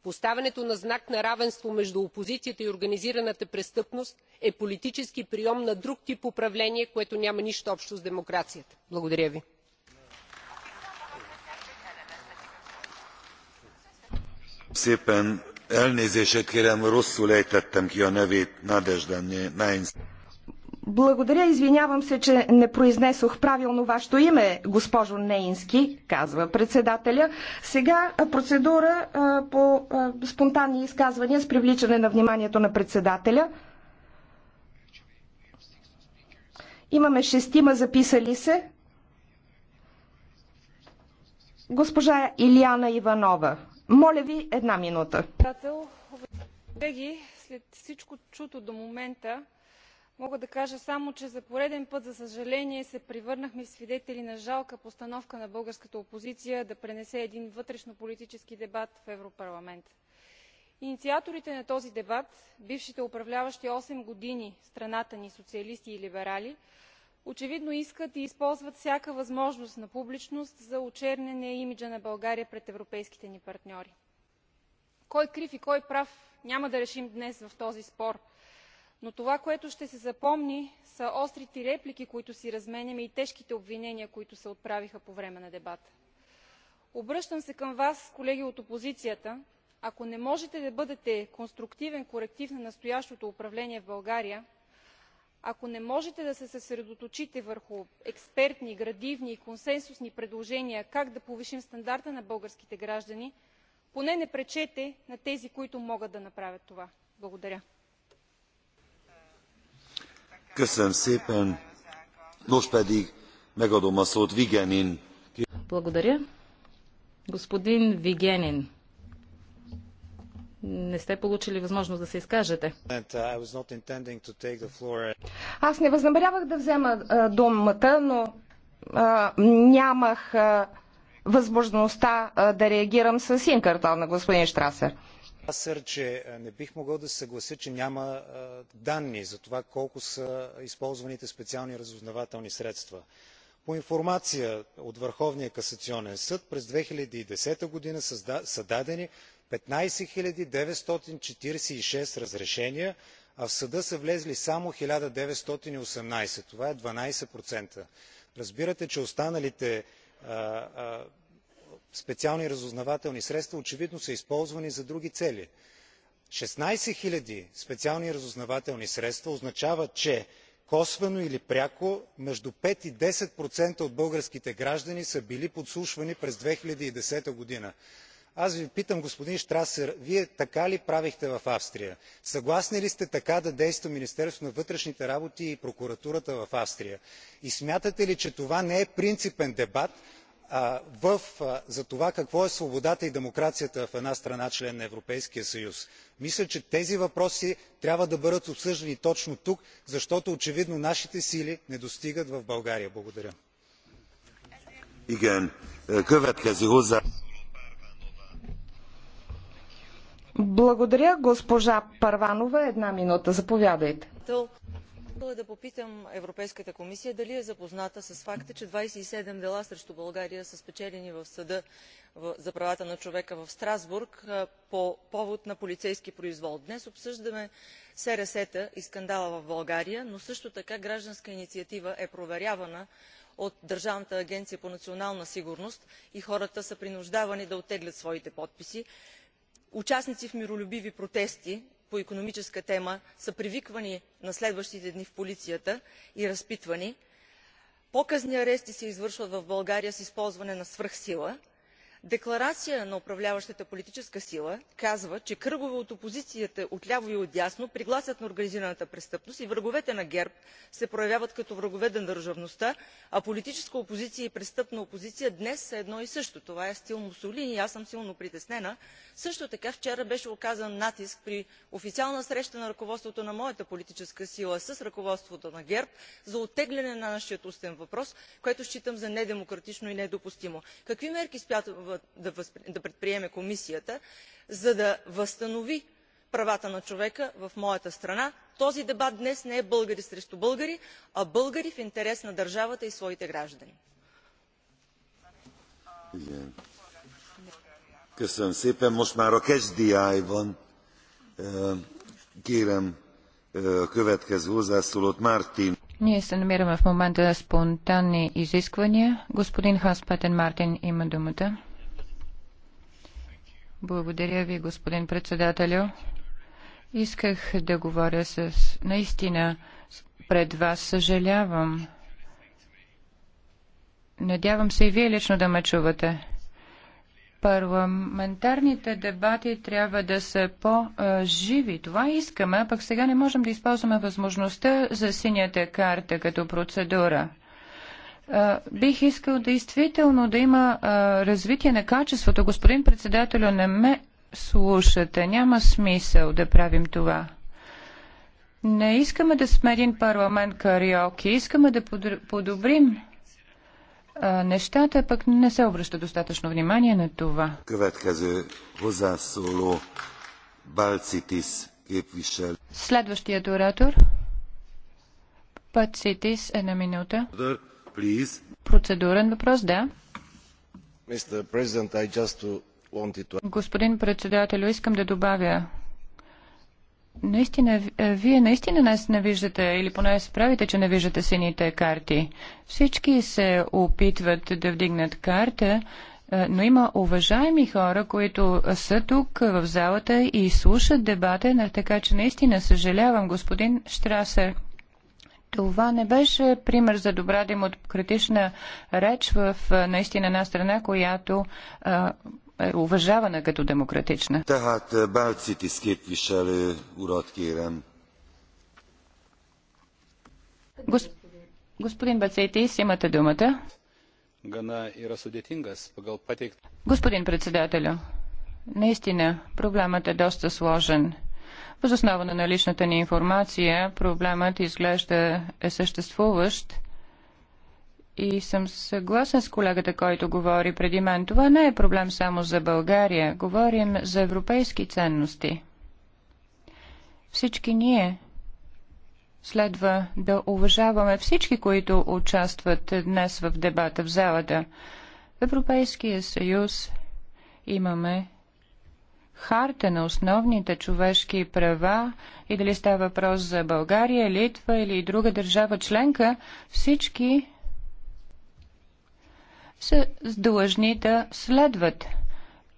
поставянето на знак на равенство между опозицията и организираната престъпност е политически прийом на друг тип управление което няма нищо общо с демокрацията. благодаря ви. elnézést kérem rosszul ejtettem ki a nevét nadezhda благодаря, извинявам се, че не произнесох правилно вашето име, госпожо Неински, казва председателя. Сега процедура по спонтанни изказвания с привличане на вниманието на председателя. Имаме шестима записали се. Госпожа Илиана Иванова. Моля ви, една минута. Колеги, след всичко чуто до момента, мога да кажа само че за пореден път за съжаление се превърнахме в свидетели на жалка постановка на българската опозиция да пренесе един вътрешнополитически дебат в европарламента. инициаторите на този дебат бившите управляващи осем години страната ни социалисти и либерали очевидно искат и използват всяка възможност на публичност за очерняне имиджа на българя пред европейските ни партньори. кой крив и кой прав няма да решим днес в този спор но това което ще се запомни са острите реплики които си разменяме и тежките обвинения които се отправиха по време на дебата. обръщам се към вас колеги от опозицията ако не можете да бъдете конструктивен коректив на настоящото управление в българия ако не можете да се съсредоточите върху експертни градивни и консенсусни предложения как да повишим стандарта на българските граждани поне не пречете на тези които могат да направят това. благодаря. Благодаря. Господин Вигенин, не сте получили възможност да се изкажете. Аз не възнамерявах да взема думата, но а, нямах а, възможността а, да реагирам с син на господин Штрасер министър че не бих могъл да се съглася че няма данни за това колко са използваните специални разузнавателни средства. по информация от върховния касационен съд през 2010 година са дадени 15 946 разрешения а в съда са влезли само 1918, това е. 12%. разбирате че останалите специални разузнавателни средства очевидно са използвани за други цели. шестнадесет хиляди специални разузнавателни средства означава че косвено или пряко между пет и десет от българските граждани са били подслушвани през 2010 година. г. аз ви питам господин щрасер вие така ли правихте в австрия? съгласни ли сте така да действа министерството на вътрешните работи и прокуратурата в австрия и смятате ли че това не е принципен дебат за това какво е свободата и демокрацията в една страна – член на европейския съюз. мисля че тези въпроси трябва да бъдат обсъждани точно тук защото очевидно нашите сили не достигат в българя. благодаря. Благодаря. Госпожа една минута. Заповядайте искала да попитам европейската комисия дали е запозната с факта че двадесет и седем дела срещу България са спечелени в съда за правата на човека в страсбург по повод на полицейски произвол. днес обсъждаме срс та и скандала в България, но също така гражданска инициатива е проверявана от държавната агенция по национална сигурност и хората са принуждавани да оттеглят своите подписи. участници в миролюбиви протести по икономическа тема са привиквани на следващите дни в полицията и разпитвани. показни арести се извършват в българя с използване на свръхсила декларация на управляващата политическа сила казва че кръгове от опозицията отляво и отдясно пригласят на организираната престъпност и враговете на герб се проявяват като врагове на държавността а политическа опозиция и престъпна опозиция днес са едно и също. това е стил мусолини и аз съм силно притеснена. също така вчера беше оказан натиск при официална среща на ръководството на моята политическа сила с ръководството на герб за оттегляне на нашия устен въпрос което считам за недемократично и недопустимо. какви мерки да предприеме комисията за да възстанови правата на човека в моята страна. този дебат днес не е българи срещу българи а българи в интерес на държавата и своите граждани. Ние се намираме в момента на спонтанни изисквания. Господин Ханс Петен Мартин има думата. Благодаря ви, господин председателю. Исках да говоря с... Наистина, пред вас съжалявам. Надявам се и вие лично да ме чувате. Парламентарните дебати трябва да са по-живи. Това искаме, а пък сега не можем да използваме възможността за синята карта като процедура бих искал действително да има развитие на качеството. Господин председателю, не ме слушате. Няма смисъл да правим това. Не искаме да сме един парламент кариоки, искаме да подобрим нещата, пък не се обръща достатъчно внимание на това. Следващият оратор. Пацитис, една минута. Господин председател, искам да добавя. Наистина, е, вие наистина нас не виждате, или поне се правите, че не виждате сините карти. Всички се опитват да вдигнат карта, е, но има уважаеми хора, които са тук в залата и слушат дебата, така че наистина съжалявам, господин Штрасер. Това не беше пример за добра демократична реч в наистина една страна, която а, е уважавана като демократична. Е, господин Бацейтис, имате думата. Гана и Господин председателю, наистина проблемът е доста сложен основа на наличната ни информация, проблемът изглежда е съществуващ и съм съгласен с колегата, който говори преди мен. Това не е проблем само за България. Говорим за европейски ценности. Всички ние следва да уважаваме всички, които участват днес в дебата в залата. В Европейския съюз имаме харта на основните човешки права и дали става въпрос за България, Литва или друга държава членка, всички са длъжни да следват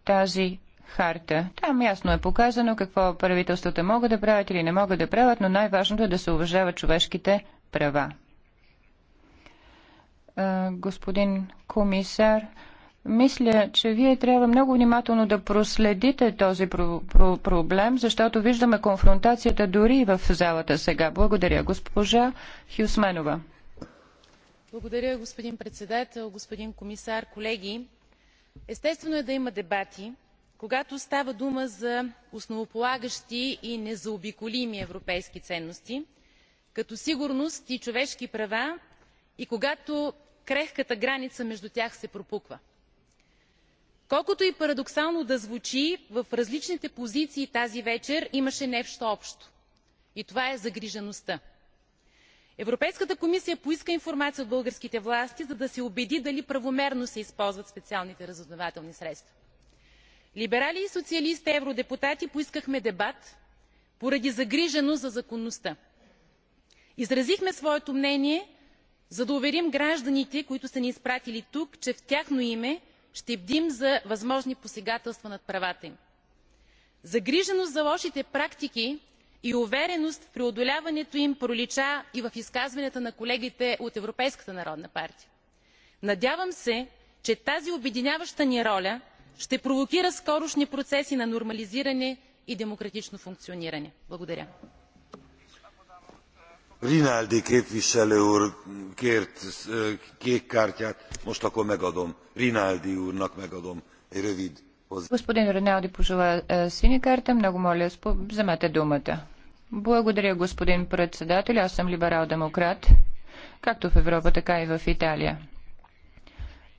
тази харта. Там ясно е показано какво правителствата могат да правят или не могат да правят, но най-важното е да се уважават човешките права. Господин комисар, мисля, че вие трябва много внимателно да проследите този про- про- проблем, защото виждаме конфронтацията дори в залата сега. Благодаря, госпожа Хюсменова. Благодаря, господин председател, господин комисар, колеги. Естествено е да има дебати, когато става дума за основополагащи и незаобиколими европейски ценности, като сигурност и човешки права, и когато крехката граница между тях се пропуква колкото и парадоксално да звучи в различните позиции тази вечер имаше нещо общо и това е загрижеността. европейската комисия поиска информация от българските власти за да се убеди дали правомерно се използват специалните разузнавателни средства. либерали и социалисти евродепутати поискахме дебат поради загриженост за законността. изразихме своето мнение за да уверим гражданите които са ни изпратили тук че в тяхно име ще бдим за възможни посегателства над правата им. загриженост за лошите практики и увереност в преодоляването им пролича и в изказванията на колегите от европейската народна партия. надявам се че тази обединяваща ни роля ще провокира скорошни процеси на нормализиране и демократично функциониране. благодаря rinaldi képviselő úr kért kék most akkor megadom rinaldi úrnak megadom egy rövid Господин Риналди пожела е, сини карта. Много моля, вземете думата. Благодаря, господин председател. Аз съм либерал-демократ, както в Европа, така и в Италия.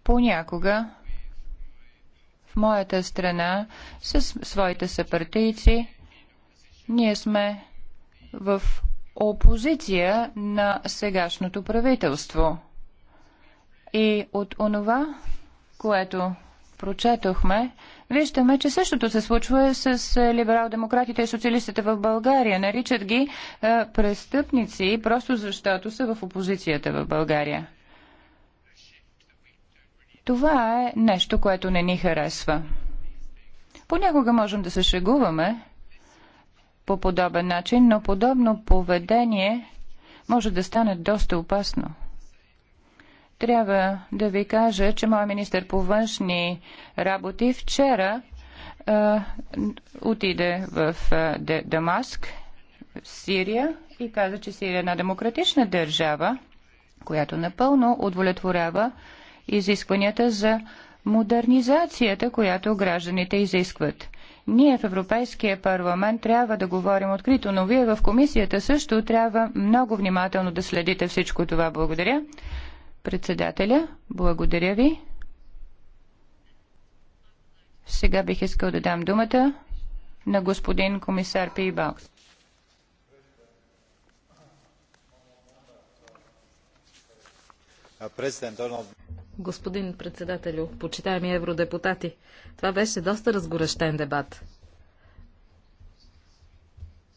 Понякога в моята страна с своите съпартийци ние сме в опозиция на сегашното правителство. И от онова, което прочетохме, виждаме, че същото се случва е, с либерал-демократите и социалистите в България. Наричат ги е, престъпници, просто защото са в опозицията в България. Това е нещо, което не ни харесва. Понякога можем да се шегуваме, по подобен начин, но подобно поведение може да стане доста опасно. Трябва да ви кажа, че моят министр по външни работи вчера а, отиде в Дамаск, в Сирия и каза, че Сирия е една демократична държава, която напълно удовлетворява изискванията за модернизацията, която гражданите изискват. Ние в Европейския парламент трябва да говорим открито, но вие в комисията също трябва много внимателно да следите всичко това. Благодаря. Председателя, благодаря ви. Сега бих искал да дам думата на господин комисар Пибалкс. Господин председателю, почитаеми евродепутати, това беше доста разгорещен дебат.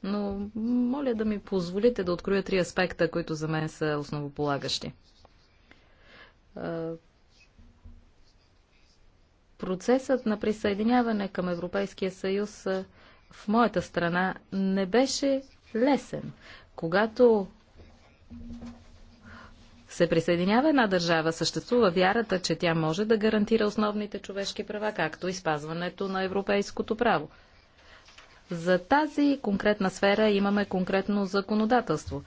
Но моля да ми позволите да откроя три аспекта, които за мен са основополагащи. Процесът на присъединяване към Европейския съюз в моята страна не беше лесен. Когато се присъединява една държава, съществува вярата, че тя може да гарантира основните човешки права, както и спазването на европейското право. За тази конкретна сфера имаме конкретно законодателство.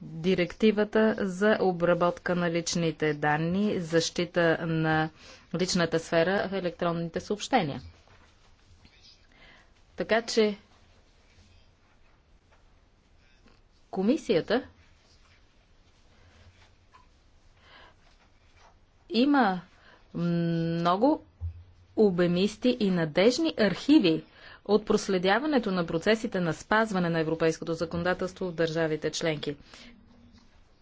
Директивата за обработка на личните данни, защита на личната сфера в електронните съобщения. Така че комисията Има много обемисти и надежни архиви от проследяването на процесите на спазване на европейското законодателство в държавите членки.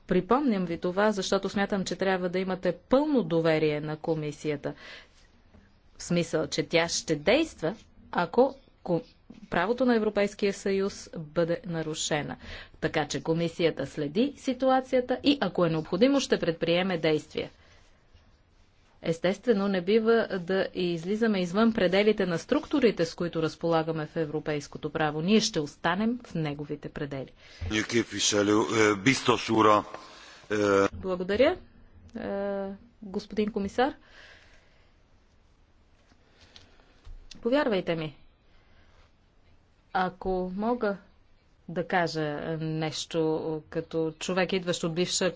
Припомням ви това, защото смятам, че трябва да имате пълно доверие на комисията. В смисъл, че тя ще действа, ако правото на Европейския съюз бъде нарушена. Така че комисията следи ситуацията и ако е необходимо ще предприеме действия. Естествено, не бива да излизаме извън пределите на структурите, с които разполагаме в европейското право. Ние ще останем в неговите предели. Благодаря, е, господин комисар. Повярвайте ми, ако мога да кажа нещо като човек, идващ от бивша